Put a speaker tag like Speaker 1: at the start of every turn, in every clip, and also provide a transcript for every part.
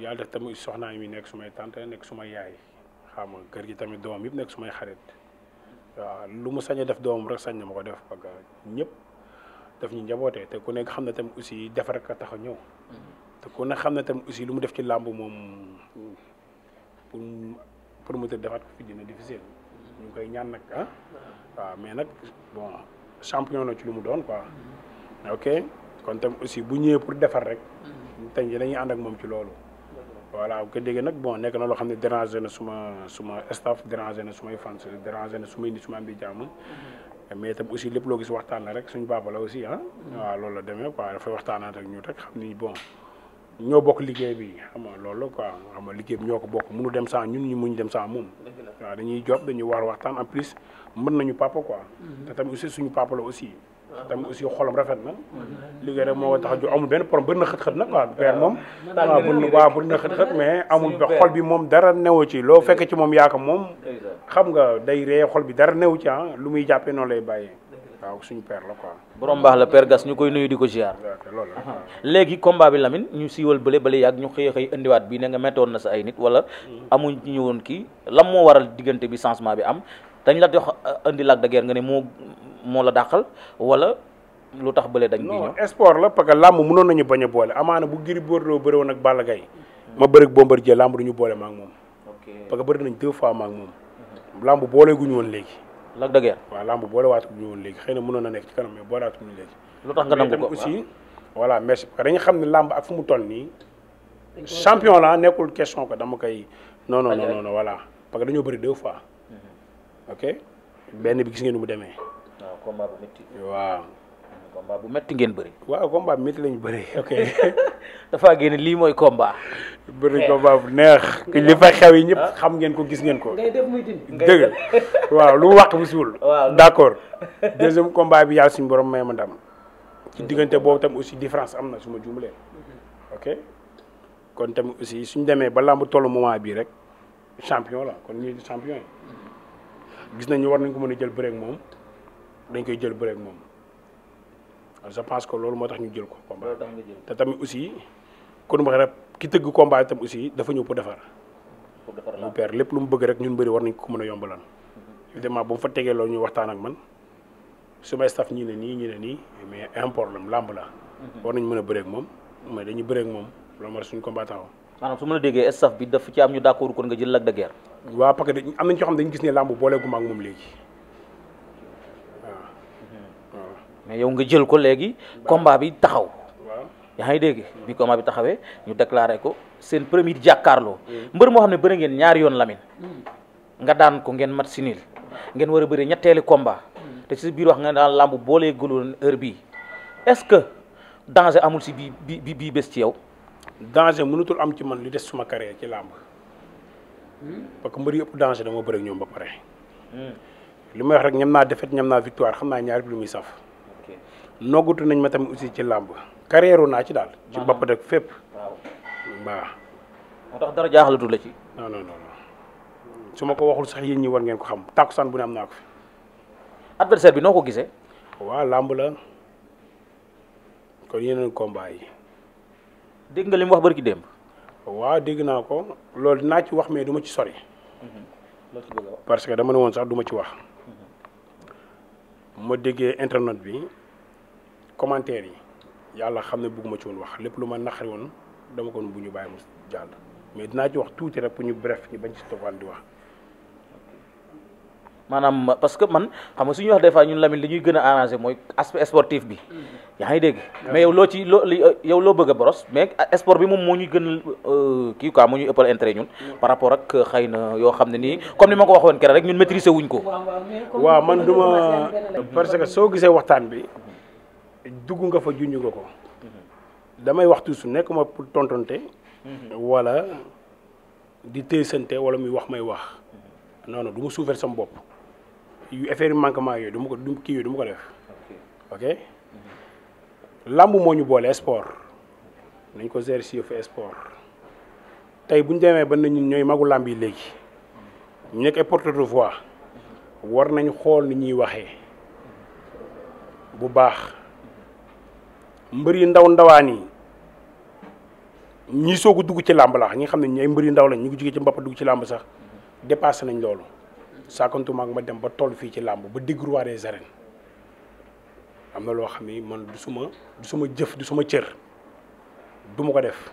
Speaker 1: yàlla def tamit soxnaa mi nekk sumay tante nekk sumay yaay xam nga kër gi tamit doom yëpp nekk sumay xarit waaw lu mu sañ def doomam rek sañ na ma ko def parce que ñëpp daf ñu njabootee te ku nekk xam na tamit aussi defar tax a ñëw te ku nekk xam ne tamit aussi lu mu def ci làmb moom pour promoteur defaat ko fi dina difficile ñu ngi koy ñaan nag ah waaw mais nag bon champion la ci lu mu doon quoi mm-hmm. ok kon tam aussi bu ñëwee pour defar rek. Mm-hmm. tey ñu dañuy ànd ak moom ci loolu. voilà bu ko déggee nag bon nekk na loo xam ne dérangé na suma suma staff dérangé na sumay fans dérangé na sumay nit suma am jàmm mm-hmm. mais itam aussi lépp loo gis waxtaan la rek suñu papa la aussi ah mm-hmm. waaw loolu la demee quoi dafay waxtaanaat ak ñu rek xam ni bon ñoo bokk liggéey bi xam nga loolu la quoi xam nga liggéey bi ñoo ko bokk mënu dem sans ñun ñu muñ dem sans moom waaw dañuy job dañuy wax waxtaan en plus mën nañu papa quoi mm-hmm. te tamit aussi suñu papa la aussi tamit aussi xolam rafet na liggéey rek moo tax ju amul benn problème bën na xët-xët nag waaw père moom waaw bën waaw na xët-xët mais amul ba xol bi moom dara newu ci loo fekk ci moom yaaka moom xam nga day ree xol bi dara newu ci ah lu muy jàppee noonu lay bàyyee waaw suñu père la quoi borom baax
Speaker 2: la père gas ñu koy nuyu di ko ziar loolu léegi combat bi Lamine ñu siiwal bële bële yàgg ñu xëy xëy indiwaat bi ne nga mettoon na sa ay nit wala mm. amuñ ñu woon kii lan moo waral diggante bi changement bi am dañ la jox euh, indi Lac de nga ne moo moo la dàqal wala lu tax bële dañ. non
Speaker 1: sport la parce que làmb mënoon ñu bañ boole amaana bu Gris Bordeaux bëre woon ak Balla Gaye ma bëre ak Bombardier làmb du ñu boole moom. parce bëri nañ deux fois ma ak moom. làmb boole gu ñu woon léegi. Lac de Guiers waaw làmb boole waat gu ñu woon léegi xëy na mënoon na nekk ci kanam mais boole waat gu ñu léegi. lu tax nga nangu ko aussi voilà merci parce xam ne làmb ak fu mu toll nii. champion laa nekkul question ko dama koy. non non non parce que dañoo bëri deux fois ok benn bi gis ngeen nu mu demee. waaw combat bu métti. bu métti ngeen bëri. waaw combat bu métti lañu bëri ok. dafaa génne lii mooy combat. bëri eh. combat bu neex. li fa xew yi ñëpp ah. xam ngeen ko gis ngeen ko. dëgg waaw lu wax bu suul. waaw d' accord deuxième combat bi yàlla suñu borom may ma ndam. ci diggante boobu tam aussi différence am na su ma juumlee. ok kon tam aussi suñu demee ba làmb tollu moment bii rek champion la kon ñii champion gis nañu war nañ ko mën a jël bëreeg moom dañ koy jël bëreeg moom je pense que loolu moo tax ñu jël ko. combat te tamit aussi kon wax rek ki tëgg combat itam aussi dafa ñëw pour defar. pour defar mu père lépp lu mu bëgg rek ñun bëri war nañ ko mën a yombalal. Mhm. évidemment bu mu fa tegee loolu ñu waxtaan ak man su ma staff ñii ne nii ñii ne nii mais un problème làmb la. Mhm. war nañ mën a bëreeg moom mais dañuy bëreeg moom loolu mooy suñu combat taxaw.
Speaker 2: maanaam su ma la déggee staff bi daf ci am ñu d'accord kon nga jël Lac de
Speaker 1: waaw parce que am nañ ci xam dañu gis ne làmb boole gu ma ak moom léegi waaw. waaw hmm. yow nga jël ko léegi. combat bi taxaw. waaw yaa ngi dégg bi
Speaker 2: combat bi taxawee ñu déclaré ko seen premier jàkkaarloo. Hmm. mbër moo xam ne bëri ngeen ñaari yoon Lamine. Hmm. nga daan ko ngeen mat si niil ngeen war a bëri ñetteeli combat. te ci biir wax nga
Speaker 1: daan làmb boolee gëloon heure bii est-ce que danger amul si bi bi bii bés ci yow. danger mënutul am ci man lu des suma carrière ci làmb. parce que mbër yëpp danger dama bëri ñoom ba pare. Hmm. li ma wax rek ñam naa défaite ñam naa victoire xam naa ñaari lu muy saf. noggatu nañ ma tamit aussi ci làmb carrière naa ci daal. ci bopp rek fépp. waaw waaw. moo tax dara jaaxalatu la ci. non non non su ma ko waxul sax yéen ñi war ngeen ko xam tàkkusaan bu ne am naa ko fi. adversaire bi noo ko gisee. waaw làmb la kon yeneen combat dégg nga li mu wax bari ki démb. waaw dégg naa ko loolu dinaa ci wax mais du ma ci sori. Mm-hmm. parce que dama ne woon sax duma ci wax. ma déggee internet bi commentaire yi yàlla xam ne bëgguma ci woon wax lépp lu ma naqari woon dama ko bu ñu bàyyi mu jàll mais dinaa ci wax tuuti rek pour ñu bref ñu bañ ci toppal di wax. maanaam parce que man
Speaker 2: xam nga su ñuy wax des fois ñun Lamine li ñuy gën a arrangé mooy aspect sportif bi mm. yaa ngi dégg mais yow loo ci loo euh, yow loo bëgg a boros mais sport bi moom moo ñuy gën euh, kii quoi moo ñuy ëppal intérêt ñun mm. par rapport ak euh, xëy na yoo
Speaker 1: xam ne nii comme ni ma ko waxoon keroog rek ñun maîtriser wuñ ko waaw man duma parce que soo gisee waxtaan bi dugg nga fa junj nga ko
Speaker 2: mm-hmm.
Speaker 1: damay waxtu su nekk ma pour tontonte mm-hmm. wala di téysante wala muy wax may wax mm-hmm. non du ma suufeel bopp yu affaire manquement yooyu du ma ko du kii yooyu du ma def ok làmb moo ñu boole sport nañ ko gérer si yëfu sport tey bu ñu demee ba nañu ñooy magu làmb yi léegi ñu nekk ay porte-voix war nañu xool ni ñuy waxee bu baax mbër yi ndaw ndawaan yi ñi soog a dugg ci làmb laax ñu nga xam ne ñi ay mbër yi ndaw lañ ñu ngi jóge ci mbappa dugg ci làmb sax dépassé nañ loolu sàkkantumaak ma dem ba toll fii ci làmb ba digg roi des am na loo xam ni man du suma du suma jëf du suma cër du ma ko def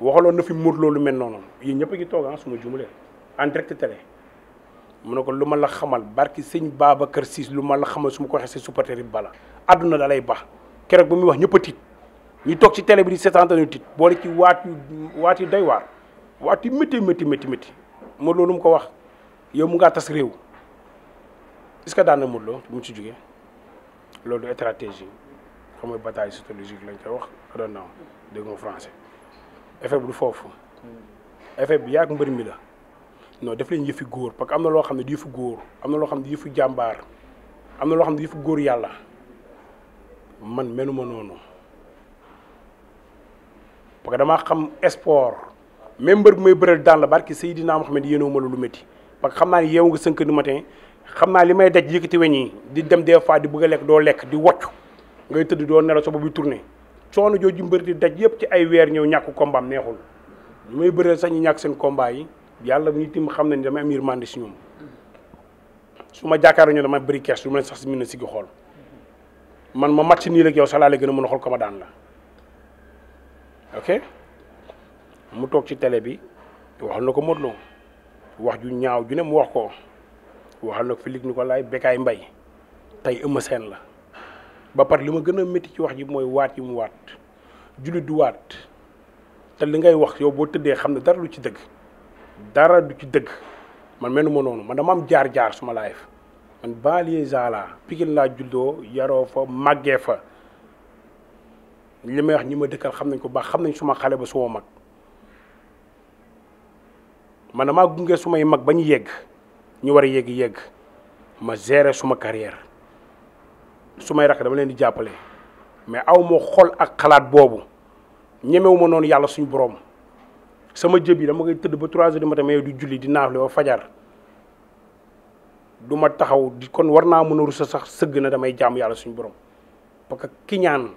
Speaker 1: waxaloon na fi Modou Lo lu mel noonu yéen ñëpp a toog ah su ma juumalee en mu ne ko lu ma la xamal barki sëñ Babacar Cissé lu ma la xamal su ma ko waxee si supporter yi bala àdduna da lay baax keroog ba muy wax ñëpp a tiit ñu toog ci télé bi di seetaante ñu tiit boole ci waat yu waat yu doy waar waat yu métti métti métti métti Modou mu ko wax. yow mu ngaa tas réew est que daan na Modou Lo bu mu ci jóge loolu du stratégie xam nga bataille sociologique lañ koy wax doon naa dégg nga français effet bu du foofu effet bi yaag mbër mi la non daf leen yëfi góor parce que am na loo xam ne di yëfi góor am na loo xam ne di yëfi jàmbaar am na loo xam ne di góor yàlla man menuma noonu parce que damaa xam sport même mbër bi may bëreel daan la barki Seydina Mohamed yéenoo ma lu métti parce xam naa ne yeewu nga cinq heures du matin xam naa li may daj yëkkati weñ yi di dem des fois di bëgg a lekk doo lekk di wocc ngay tëdd doo nelaw sa bopp bi tourné coono jooju mbër di daj yëpp ci ay weer ñëw ñàkk combat am neexul ñu may bëreel sax ñu ñàkk seen combat yi yàlla ñu tim xam na ni damay am yërmande si ñoom su ma jàkkaarloo ñu damay bëri kees du ma leen sax si mën a sigi xool man ma match nii rek yow sax laa la gën a mën a xool ko ma daan la mu toog ci télé bi waxal na ko Modou wax ju ñaaw ju ne mu wax ko waxal nag Félix Nicolas Bécaye mbay tey Eumeu Sène la ba pare li ma gën a metti ci wax ji mooy waat yi mu waat jullit du waat te li ngay wax yow boo tëddee xam ne dara du ci dëgg dara du ci dëgg man mel ma noonu man dama am jaar-jaar suma life man banlieue laa Pikine laa juddoo yaroo fa màggee fa li may wax ñi ma dëkkal xam nañ ko baax xam nañ suma xale ba suma mag man damaa gunge su may mag ba ñu yegg ñu war a yegg yegg ma gérer suma carrière su may rakk dama leen di jàppale mais aw ma xol ak xalaat boobu ñemewu noonu yàlla suñu borom sama jëb yi dama koy tëdd ba 3 heures du matin mais du julli di naafle ba fajar du ma taxaw di kon war naa mën a rusa sax sëgg na damay jàmm yàlla suñu borom parce que ñaan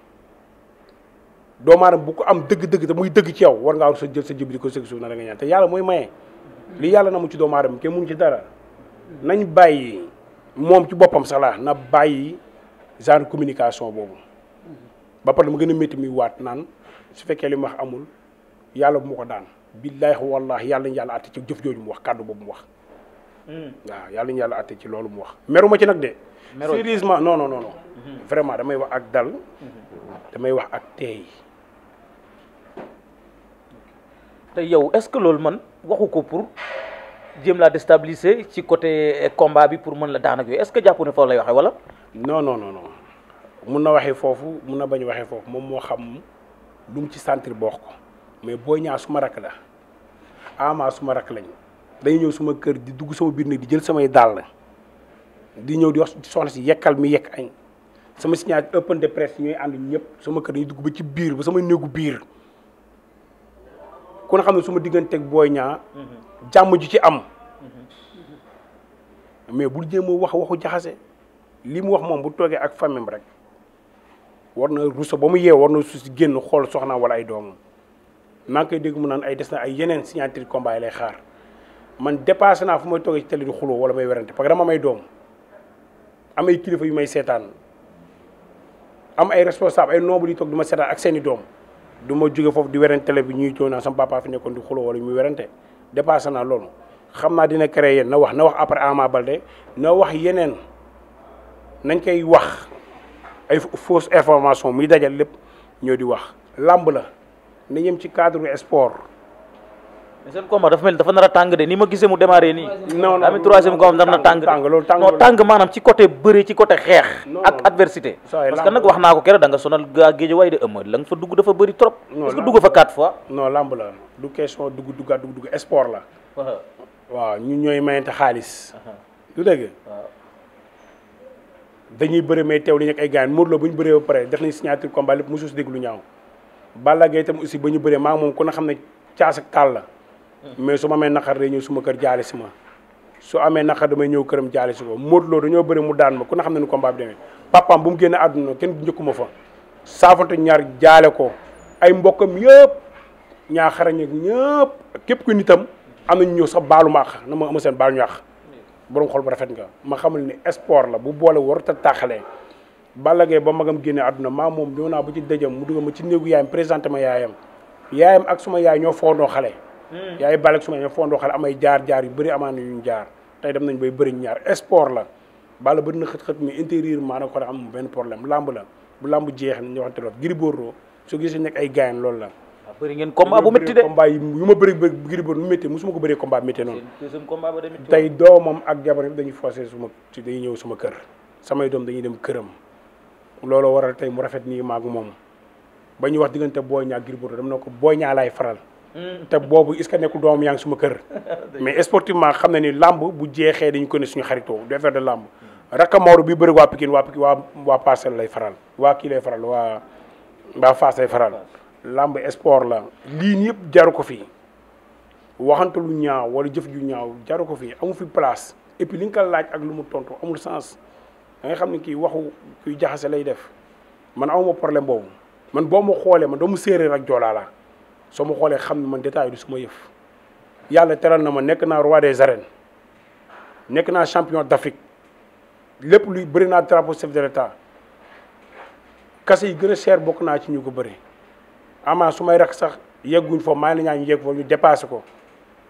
Speaker 1: doomu aadama bu ko am dëgg-dëgg te muy dëgg ci yow war ngaa rusa jël sa jëb di ko sëgg suuf na da nga yàlla mooy maye. li yàlla na mu ci doomu aadama kenn mun ci dara nañ bàyyi moom ci boppam sax la bàyyi genre communication boobu ba pare mu gën a métti muy naan su fekkee li mu wax amul yàlla bu ma ko daan billaahi wallaahi yàlla ñu yàlla àtte ci jëf jooju mu wax kàddu boobu wax hmm. waaw yàlla ñu yàlla àtte ci loolu mu wax meruma ci nag de sérieusement non non non hmm. damay wax ak dal hmm. damay wax ak teey te yow est-ce que loolu man waxu ko pour jéem laa déstabiliser ci côté combat bi pour mën la daanak ak yooyu est-ce que jàpp ne foofu lay waxee wala. noo non non mun na waxee foofu mun na bañ waxee foofu moom moo xam lu mu ci sentir boo ko mais Boy ñaar suma rakk la Ama suma rakk lañ dañu ñëw suma kër di dugg sama biir néeg di jël samay dàll di ñëw di wax soxna si yekkal mi yekk añ sama signature open de presse ñooy ànd ñëpp sama kër dañuy dugg ba ci biir ba sama néegu biir. ku na xam ne suma ma digganteeg Boy Niang jàmm ji ci am mais bul jéem a wax waxu jaxase li mu wax moom bu toogee ak famille rek war na ruso ba mu yeew war na su si génn xool soxna wala ay doomam maa ngi koy dégg mu naan ay des na ay yeneen signature combat lay xaar man dépassé naa fu may toogee ci télé di xuloo wala may werante parce que dama may doom am ay kilifa yu may seetaan am ay responsable ay noble yi toog du ma seetaan ak seeni doom du ma jóge foofu di werante télé bi ñuy coow naa sama nekkoon di xuloo wala mu werante dépassé naa loolu xam naa dina créer na wax na wax après Ama Baldé na wax yeneen nañ koy wax ay fausse information muy dajal lépp ñoo di wax làmb la na yem ci cadre sport mais seen combat dafa mel dafa
Speaker 2: nar tàng de ni ma gisee mu démarré nii. non non amiin troisième na tàng tàng loolu tàng non tàng maanaam ci côté bëre ci côté xeex. ak adversité.
Speaker 1: parce que nag wax naa ko
Speaker 2: keroog da nga sonal gaa géej waay de ëmb la nga fa dugg dafa bëri trop.
Speaker 1: non est-ce que dugg fa quatre fois. non lamb la du question dugg duggaat dugg sport la. Uh-huh. waaw ñu ñooy mayante xaalis. Uh-huh. du dëgg. dañuy bëre may teew li ñu ak ay gaañ bu ñu bëree pare def nañ signature combat lépp mosu si dégg lu ñaaw Balla Gaye itam ba ñu bëree maa moom ku na xam ne caas ak la mais su ma amee naqar day ñëw suma kër jaale si ma su amee naqar damay ñëw këram jaale si ko Modou dañoo bëri mu daan ma ku ne xam ne ni ko bi demee bu mu génne àdduna kenn njëkkuma fa saafante ñaar jaale ko ay mbokkam yëpp ñaa xarañeeg ñëpp képp ku nitam am nañu ñëw sax baalu ma na ma ama seen baal ñu ax borom xol bu rafet nga ma xamal ni sport la bu boole warut a tàqalee Balla Gaye ba magam génne àdduna maam moom ñoo naa ba ci dëjëm mu dugal ma ci néegu yaayam présenté ma yaayam yaayam ak suma yaay ñoo foondoo xale Hmm. yaay balek su ma ñëw fondoo xale amay jaar-jaar yu bëri amaan ñu jaar tey dem nañ bay bëri ñaar sport la bala bëri na xët-xët mi intérieurement nag xoolee am benn problème lamb la bu lamb jeex na ñu waxante loolu Gris Bordeaux su gisee nekk ay gaayan loolu la ah, bëri ngeen combat bu métti de combat yu ma bëri Gris Bordeaux mu métti musuma ko bëree combat métti noonu tey doomam ak jabaram dañuy forcé suma ci dañuy ñëw suma kër samay doom dañuy dem këram looloo waral tey mu rafet nii maag moom ba ñu wax diggante Boy Niang Gris Bordeaux dama ne ko Boy Niang laay faral te boobu is ce que nekkul doomam yaa ngi suma kër. mais sportivement xam na ni làmb bu jeexee dañu ko ne suñu xaritoo du affaire de làmb. rakka Maodo bi bëri waa Pikine waa Pikine waa waa Parcelles lay faral waa kii lay faral waa waa Fass faral. làmb sport la lii nii jaru ko fii waxante lu ñaaw wala jëf ju ñaaw jaru ko fi amu fi place et puis li nga ko laaj ak lu mu tontu amul sens da nga xam ne kii waxu kuy jaxase lay def man amuma problème boobu man boo ma xoolee man doomu séeréer ak joolaa soo ma xoolee xam ne man détail du su ma yëf yàlla teral na ma nekk naa roi des arènes nekk naa champion d'Afrique lépp luy bëri naa drapeau chef de l'État kase yi gën a bokk naa ci ñu ko bëri ama su may rak sax yegguñ fa maa ngi ñaa ñu yegg fa ñu dépasé ko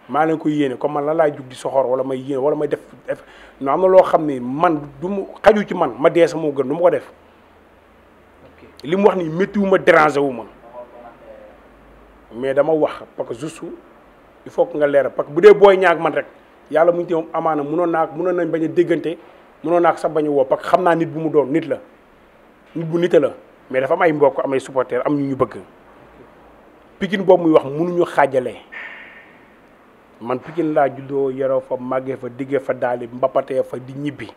Speaker 1: maa leen koy yéene comme man lan laay jug di soxor wala may yéene wala may def def no am na loo xam ni man du mu xaju ci man ma dee sama moo gën du ma ko def li mu wax nii méttiwu ma dérangé wu ma mais dama wax parce que juste il faut que nga leeral parce que bu dee booy ñaag man rek yàlla mu te moom amaana munoon naa munoon nañ bañ a déggante munoon naa sa bañ a woo parce xam naa nit bu mu doon nit la nit bu nite la mais dafa may mbokk am ay am ñu ñu bëgg Pikine boobu muy wax mënuñu xaajale man Pikine laa juddoo yaroo fa màggee fa diggee fa daali mbapatee fa di ñibbi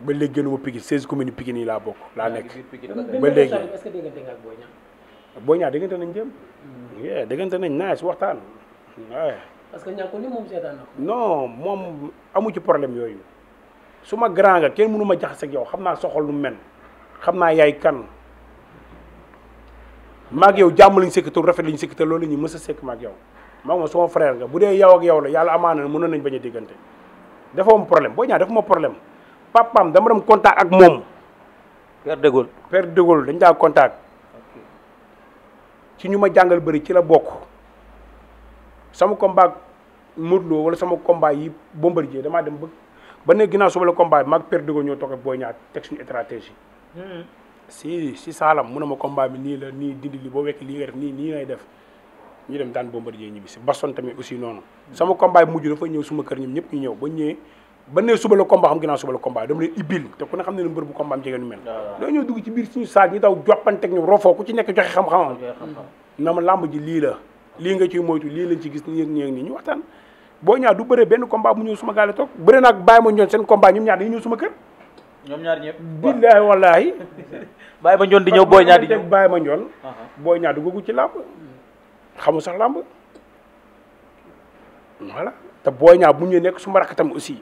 Speaker 1: ba léegi gënuma Pikine seize communes Pikine yi laa bokk laa nekk Boy Niang déggante nañ jëm. déggante nañ naa si waxtaan. waaw
Speaker 2: parce que ñàkkul ni moom seetaan ko.
Speaker 1: non moom amu ci problème yooyu suma ma grand nga kenn mënu ma jaxase ak yow xam naa soxal lu mel xam naa yaay kan maag yow jàmm lañ sekk te rafet lañ sekk te loolu la ñuy mës a sekk maag yow maag ma sama frère nga bu dee yow ak yow la yàlla amaana na mënoon nañ bañ a diggante dafa am problème Boy ñaa def ma problème papaam dama dem contact ak moom. Père de Gaulle Père dañ daa contact. ci ñu ma jàngal bari ci la bokk sama combat Modou Lo wala sama combat yi Bombardier damaa dem ba ba ne ginnaaw suba la combat bi maag ko ñoo toog ak Boy Niang teg suñu stratégie hmm. si si saalam mun ne ma combat bi nii la nii dindi li boo wekk lii nga def nii nii ngay def ñu dem daan Bombardier ñibbi si Baston tamit aussi noonu hmm. sama combat bi mujj dafa ñëw suma kër ñoom ñëpp ñu ñëw ba ñëwee ba ne suba la combat xam ginnaaw suba la combat dama leen ibbil te ku ne xam ne ne mbër bu combat am jege nu mel doo ñëw dugg ci biir suñu saag ñi daw joppanteeg ñoom rofoo ku ci nekk joxe xam-xamam na ma làmb ji lii la lii nga ci moytu lii lañ ci gis nii ak nii ak ñu waxtaan boo ñaar du bëre benn combat bu ñëw suma gaale toog bëre nag bàyyi ma ñoon seen combat ñoom ñaar dañu ñëw suma ñoom ñaar ñëpp billaahi wallaahi
Speaker 2: bàyyi ma di ñëw booy ñaar di ñëw
Speaker 1: bàyyi ma ñoon booy ñaar dugg ci làmb xamu sax làmb voilà te booy ñaar bu ñu nekk suma rakk tam aussi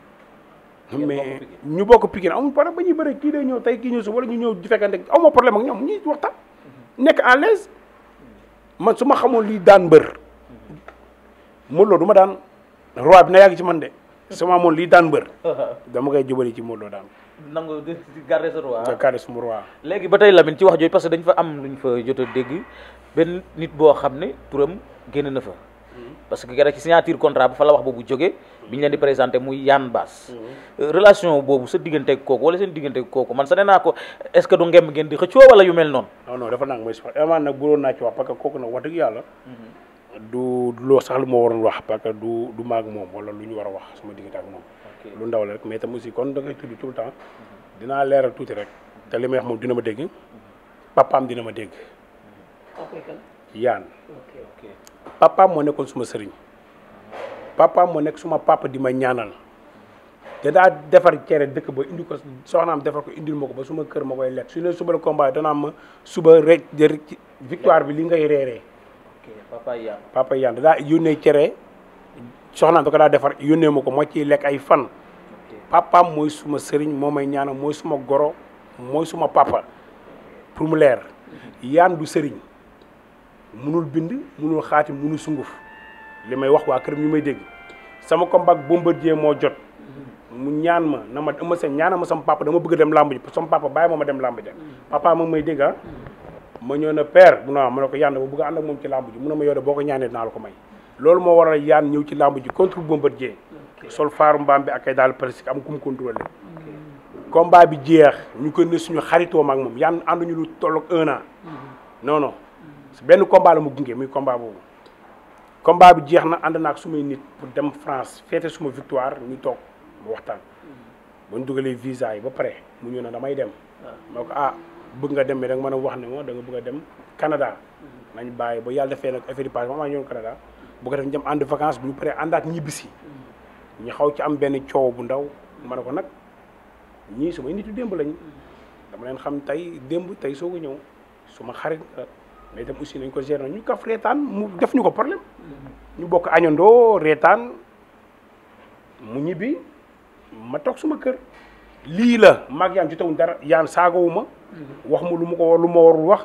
Speaker 1: mais ñu bokk Pikine amul problème ba ñu bëre kii day ñëw tey kii ñëw su wala ñu ñëw di fekkante aw ma problème ak ñoom ñuy nekk à l'aise man su ma xamoon lii daan mbër Modou Lo daan roi na yàgg ci man de su ma lii daan mbër dama koy jubalee ci Modou Lo daan
Speaker 2: nangu garder sa roi garder sama roi léegi ba tey Lamine ci wax jooju parce que dañ fa am luñ fa jot a dégg benn nit boo xam ne pour am génne na fa parce que keroog ci signature contrat bi fa la wax boobu jógee bi ñu leen di présenté muy Yann Bass mhm. relation boobu sa digganteeg kooku wala seen digganteeg kooku man sa nee naa ko
Speaker 1: est-ce que du ngem ngeen di xëccoo wala yu mel noonu. dafa naan mooy mhm. du loo sax lu ma waroon wax parce que du du maag moom wala lu ñu war a wax sama diggante ak moom. lu ndaw la rek mais tam aussi kon da ngay tudd tout le temps mhm. dinaa leeral tuuti rek te li ma wax moom dina ma dégg papaam dina ma dégg. Yann. papa moo nekkoon suma sëriñ papa moo nekk suma papa di may ñaanal te daa defar cere dëkk ba indi ko soxnaam defar ko indi ma ko ba suma kër ma koy lekk su ne suba danaa ma suba rek victoire bi li ngay reeree. papa Yane papa daa yónnee cere soxnaam da ko defar yónnee ma ko moo ciy lekk ay fan. papaam mooy suma sëriñ moo may ñaanal mooy suma goro mooy suma papa pour mu leer mhm. yaan du sëriñ. munul bind munul xaati munul sunguf li may wax waa këram ñu may dégg sama combat jee moo jot mu ñaan ma na ma ëmma seen ñaana ma sama papa dama bëgg dem làmb ji sama papa bàyyi ma ma dem làmb ji papa ma may dégg ah. ma ñëw na ko yaan ba bëgg ànd ak moom ci làmb ji mu ne ma yow de boo naa ko may loolu moo waral yaan ñëw ci làmb ji contre Bombardier sol faaru mbaam bi ak ay daal presque am ku mu contrôlé combat bi jeex ñu ko ne suñu xaritoo maak moom yaan ànduñu lu tolloog un an mhm. non benn combat la mu gunge muy combat boobu combat bi jeex na ànd naag sumay nit pour dem France feete suma victoire ñu toog mu waxtaan mm-hmm. ba ñu dugalee visa yi ba pare mu ñëw na damay dem ah. ma ko ah bëgg nga dem mais da nga a wax ne ma da nga bëgg a dem Canada mm-hmm. ñu bàyyi ba yàlla defee nag affaire yi passé mamaa ñëwoon Canada bu ñu dem ànd vacances bu ñu paree ñibbisi mm-hmm. ñu xaw ci am benn coow bu ndaw ma ne ko nag ñii sumay yu démb lañ dama leen xam tey démb tey soo ko ñëw suma mais dem aussi nañ ko gérer ñu kaf reetaan mu def ñu ko problème ñu bokk añandoo reetaan mu ñibbi ma toog suma kër lii la maag yaan ci dara yaan saagawu ma wax ma lu mu ko lu ma warul wax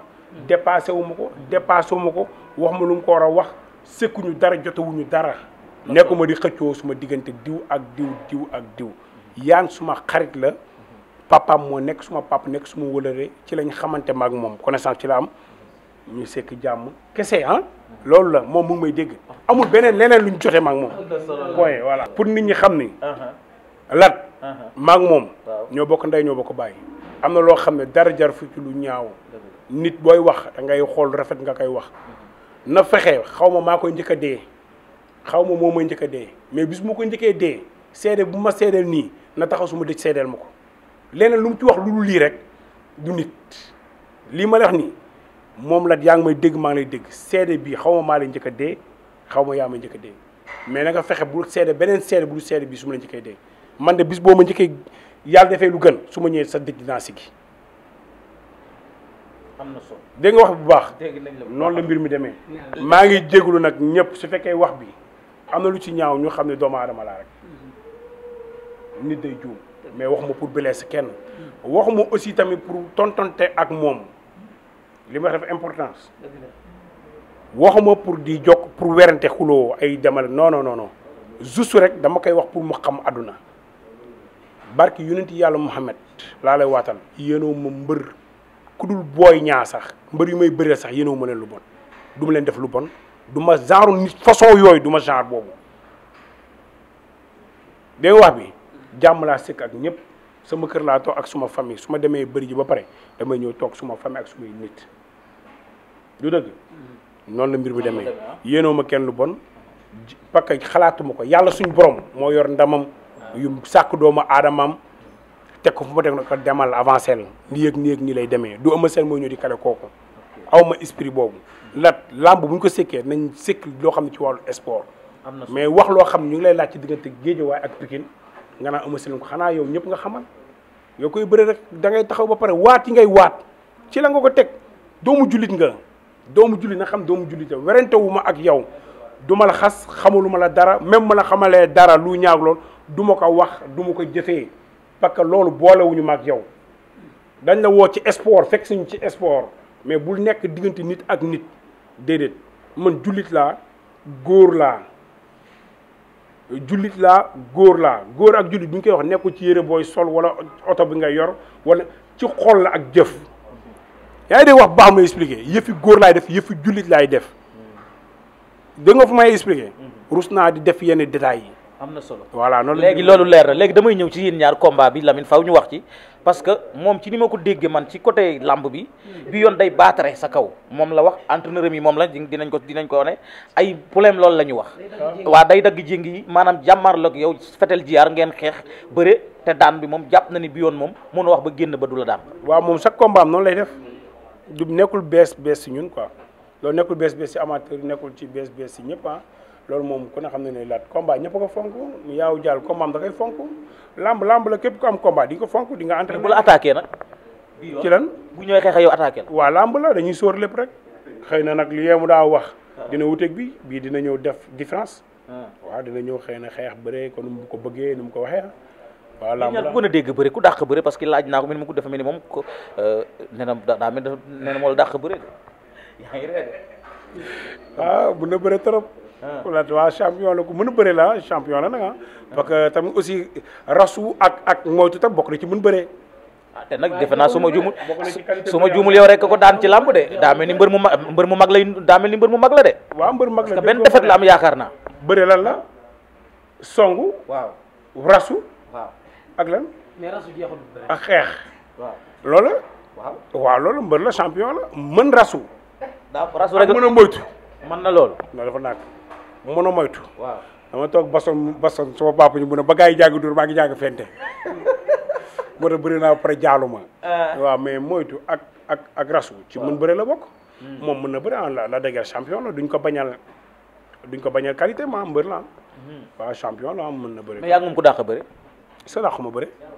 Speaker 1: dépassé wu ma ko dépassé wu ma ko wax ma lu ko war a wax sëkkuñu dara jotewuñu dara nekkuma di xëccoo suma diggante diw ak diw diw ak diw yaan suma xarit la mhm. papaam moo nekk suma pap nekk suma wëlëre ci lañ xamante maag moom connaissance ci la am ñu sekk jàmm kese ah? loolu la moom mu may dégg amul beneen leneen lu ñu jote maak moom
Speaker 2: point voilà pour nit ñi xam ni uh-huh. lat uh-huh. maak
Speaker 1: moom ñoo bokk ndey ñoo bokk bàyyi am na loo xam ne dara jar fu ci lu ñaaw nit booy wax da ngay xool rafet nga koy wax uh-huh. na fexe xaw ma maa koy njëkk a dee xaw ma moo may njëkk a dee mais bis mu ko njëkkee dee seede bu ma seedeel nii na taxaw su ma dëj seedeel ma ko leneen lu mu ci wax lu lii rek du nit lii ma la wax nii moom la yaa ngi may dégg maa ngi lay dégg seede bii xaw ma maa lay njëkk a dee xaw ma yaa may njëkk a dee mais nag nga fexe bu seede beneen seede bu seede bii su ma la njëkkee dee man de bis boo ma njëkkee yàlla defee lu gën su ma ñëwee sa dëj dinaa sigi. am na solo dégg wax bu baax. noonu la mbir mi demee. maa ngi jégalu nag ñëpp su fekkee wax bi am na lu ci ñaaw ñu xam ne doomu aadama laa rek mm-hmm. nit day juum mais waxuma pour blesser kenn mm-hmm. waxuma aussi tamit pour tontonte ak moom. li ma wax dafa importance waxuma pour di jokk pour werante xuloo ay demal non non non juste rek dama koy wax pour mu xam àdduna barki yonent yàlla Muhammad laa lay waatal yéenoo ma mbër ku dul booy ñaa sax mbër yu may bëree sax yéenoo ma leen lu bon du ma leen def lu bon du ma genre nit façon yooyu du ma genre boobu dégg wax bi jàmm laa sëkk ak ñëpp sama kër laa toog ak suma famille su ma demee bëri ji ba pare damay ñëw toog suma famille ak sumay nit du dëgg noonu la mbir mi demee yéenoo ma kenn lu bon pakk xalaatuma ko yàlla suñu borom moo yor ndamam yu sàkk doomu aadamam teg ko fu ma teg na ko demal avancé la nii ak nii nii lay demee du ama seen moo ñëw di kale kooku aw ma esprit boobu lat lamb bu ñu ko sékkee nañ sékk loo xam ne ci wàllu sport mais wax loo xam ñu ngi lay laaj ci diggante waaye ak Pikine nga naan ama seen ko xanaa yow ñëpp nga xamal yow koy bëri rek da taxaw ba pare waat yi ngay waat ci la nga ko teg doomu jullit nga doomu julli na xam doomu julli te werante wu ma ak yow du ma la xas xamaluma la dara même ma la xamalee dara lu ñaaw lool duma ko wax du ma ko jëfee parce que loolu boolewuñu ma ak yow dañ la woo ci sport fekk suñu ci sport mais bul nekk diggante nit ak nit déedéet man jullit la góor laa jullit laa góor laa góor ak jullit bu ñu koy wax nekkul ci yére booy sol wala oto bi ngay yor wala ci xol la ak jëf yaa ngi dégg wax baax may expliqué yëfi góor laay def yëfi jullit nga fu may expliqué. Mm-hmm. rus naa di def yenn détails yi. am na solo voilà noonu léegi loolu leer
Speaker 2: na léegi damay ñëw ci yéen ñaar combat bi lamin faw ñu wax ci parce que moom ci ni ma ko déggee man ci côté lamb bi mm-hmm. bi yoon day baatare sa kaw moom la wax entraîneur yi moom la dinañ ko dinañ ko ne ay problème loolu la ñu wax waaw day dagg jéngi yi maanaam jàmmaar jàmmarloog yow fetel jiyaar ngeen xeex bëre te daan bi moom jàpp na ni bi yoon moom mën wax ba génn ba du la
Speaker 1: daan du nekkul bees bees si ñun quoi loolu nekkul bees bees si yi nekkul ci bees bees si ñëpp ah loolu moom ku ne xam ne ne laat combat ñëpp ko fonk yaaw jaal combat am da koy fonk lamb lamb la képp ku am combat di ko fonk di nga entraîné bu la nag ci lan bu ñëwee xeex yow attaqué la waaw lamb la dañuy sóor lépp rek xëy na nag li mu daa wax ah. dina wuteeg bi bii dina ñëw def différence ah. waaw dina ñëw xëy na xeex bëree ko nu mu ko bëggee nu mu ko waxee ah. waaw lamb ku gën a dégg
Speaker 2: bëri ku dàq bëri parce que laaj naa ko mu ko dafa mel ni moom ko euh,
Speaker 1: nee la dàq bëri de
Speaker 2: yaa ah,
Speaker 1: ah. la ku mën a bëri la champion la nag ah. parce que aussi rasu ak ak moytu ta bokk na ci mën bëree.
Speaker 2: ah te nag defe naa su ma juumul
Speaker 1: su ma juumul yow rekk
Speaker 2: ko daan ci làmb de daa mel ni mbër mu mag mbër mu mag lay daa mel ni mu mag la de.
Speaker 1: waaw mbër mag la benn defet la am yaakaar naa. bëri lan la songu. rasu. ak lan.
Speaker 2: mais rasu jeexul xeex. waaw
Speaker 1: loolu. waaw waaw loolu mbër la champion la mën rasu.
Speaker 2: daa rasu rek mën a moytu.
Speaker 1: mën na loolu. non dafa naag a moytu. waaw dama toog bason bason sama papa ñu mun a ba gars yi jàng dur maa ngi jàng fente. moo tax bëri naa ba pare jaaluma. Euh. waaw mais moytu ak ak ak rasu. ci mën bëre la bokk. Hmm. moom mën na bëri ah la la dégg champion la duñ ko bañal duñ ko bañal qualité ma mbër la hmm. waaw champion la mën na bëri. saraxuma bëre